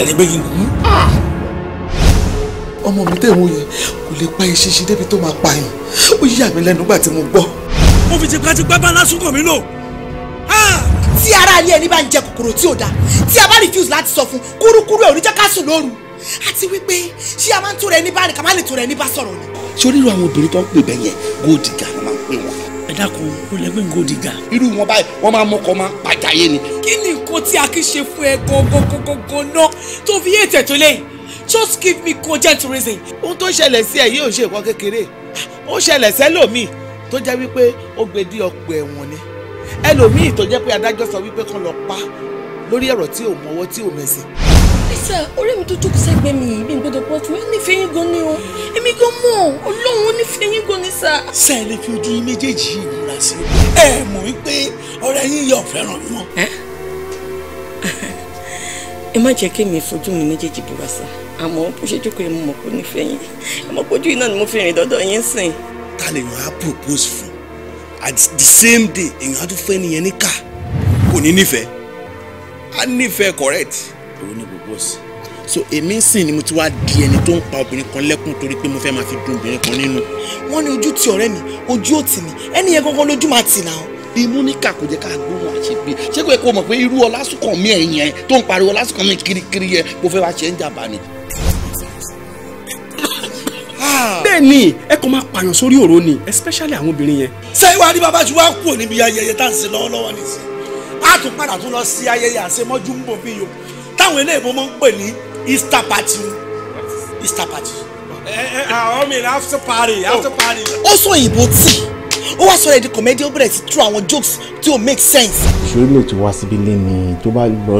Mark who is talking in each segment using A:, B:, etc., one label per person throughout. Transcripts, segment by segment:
A: lálẹ́ ní bẹ́yìn kú. ọmọ mi tẹ̀ wọ́n yẹn kò lè pa iṣẹ́ ṣe débi tó máa pààyàn ó yà mí lẹ́nu nígbà tí mo gbọ́. mo fi tipátipá bá lásùkò mi lò. tí ara ilé ẹni bá ń jẹ kòkòrò tí ò dáa tí a bá refuse láti sọ fún kúrúkúrú ẹ̀ ò ní jẹ́ ká sùn lóru àti wípé ṣé a máa ń tó rẹ ní bá rìn ká má lè tó rẹ ní bá sọ̀rọ̀ ni. ṣé onírú àwọn obìnrin tó ń pè bẹ́yẹn gold digger ló máa ń pè wọ́n. ẹ dákun ó lẹ́gbẹ̀ẹ́ gold irú wọn báyìí wọ́n máa mọ́kọ máa pàjáyé ni ohun tí a kì í ṣe fún ẹ gangan ná tó fi yé ètò lẹ́yìn just give me cogent reason. ohun tó ṣẹlẹ̀ sí ẹ yìí ò ṣe nǹkan kékeré ó ṣẹlẹ̀ sẹ́lòmíì tó jẹ́ wípé ó gbé dí ọ̀pọ̀ ẹ̀wọ̀n ni ẹlòmíì tó jẹ́ pé adájọ́ sọ wípé kán lọ pa lórí ọ̀rọ̀ tí ò mọwọ́ tí ò mẹsẹ̀. ẹsẹ̀ orí mi tó jókòó sẹ́gbẹ̀ẹ́ mi yìí bí n gbọ́dọ̀ pọ̀ tún ẹ nífẹ̀ẹ́ yín gan ni o èmi gan mọ̀ ọlọ́run ó nífẹ̀ẹ́ yín gan ni sà. sẹ́ ẹ lè fi ojú yín méjèèjì yìí múra sí i. ẹ mọ̀ wípé ọ̀rẹ́ yín yọ̀ fẹ́ràn mọ́ ẹ má jẹ́ kí èmi fojú mi méjèèjì búra sá àmọ́ bó ṣe jókòó yẹn mo mọ̀ pé nífẹ̀ẹ́ yín ẹ mọ̀ pójú iná ni mo fi rìn dọ́dọ̀ yín sìn. ta lè yàn á propose fún at the same day èèyàn á tún fẹ́ nìyẹn ní ká kò ní nífẹ̀ẹ́ á nífẹ̀ẹ́ correct. èwo ni propose. so èmi ń sìn ni mo ti wá di ẹni tó ń pa obìnrin kan lẹ́kùn torí pé mo fẹ́ máa fi dùn obìnrin kan nínú. wọ́n ní ojú ti ọ̀rẹ́ mi ojú òtì mi ẹni yẹn gangan lójú máa tì náà imú níkà kò jẹ́ ká gbóhùn àṣegbè ṣé kò yẹ kó mọ̀ pé irú ọlásùnkànmí ẹ̀yìn ẹ̀ tó ń pariwo ọlásùnkànmí kirikiri yẹn kò fẹ́ wá ṣe ń jàmbá ni. Ah. bẹ́ẹ̀ ni ẹ kàn máa pààyàn sórí òró ni especially àwọn obìnrin yẹn. ṣé ìwà ní bàbá ju wá kúrò níbi ayẹyẹ tá à ń ṣe lọ́wọ́lọ́wọ́ nìsín a tún padà tún lọ sí ayẹyẹ àṣemọ́jú ń bò bí yo táwọn eléyìí mọ́ ń pè ní Easter party Easter party. ẹ ẹ àwọn mi ní after party after party. ó sọ ìbò tí ó wá sọ̀rọ̀ ẹ̀dí comedy ó bẹ̀rẹ̀ sí tú àwọn jokes tí ò make sense. ṣòro lè tó wá síbi lé ni tó bá lọ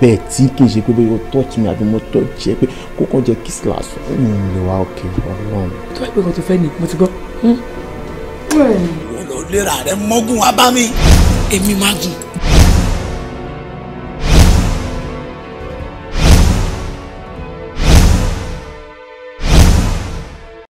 A: bẹ́ẹ̀ tí kì í ṣe pé bóyá o touch mi àbí mo touch ẹ pé kókó jẹ kiss lásán ẹ̀yìn lè wá òkè ọlọ́run. tó bá gbé kan tó fẹ́ ni mo ti gbọ́. wọ́n lọ lera rẹ mọ́gùn wá bá mi èmi máa gùn.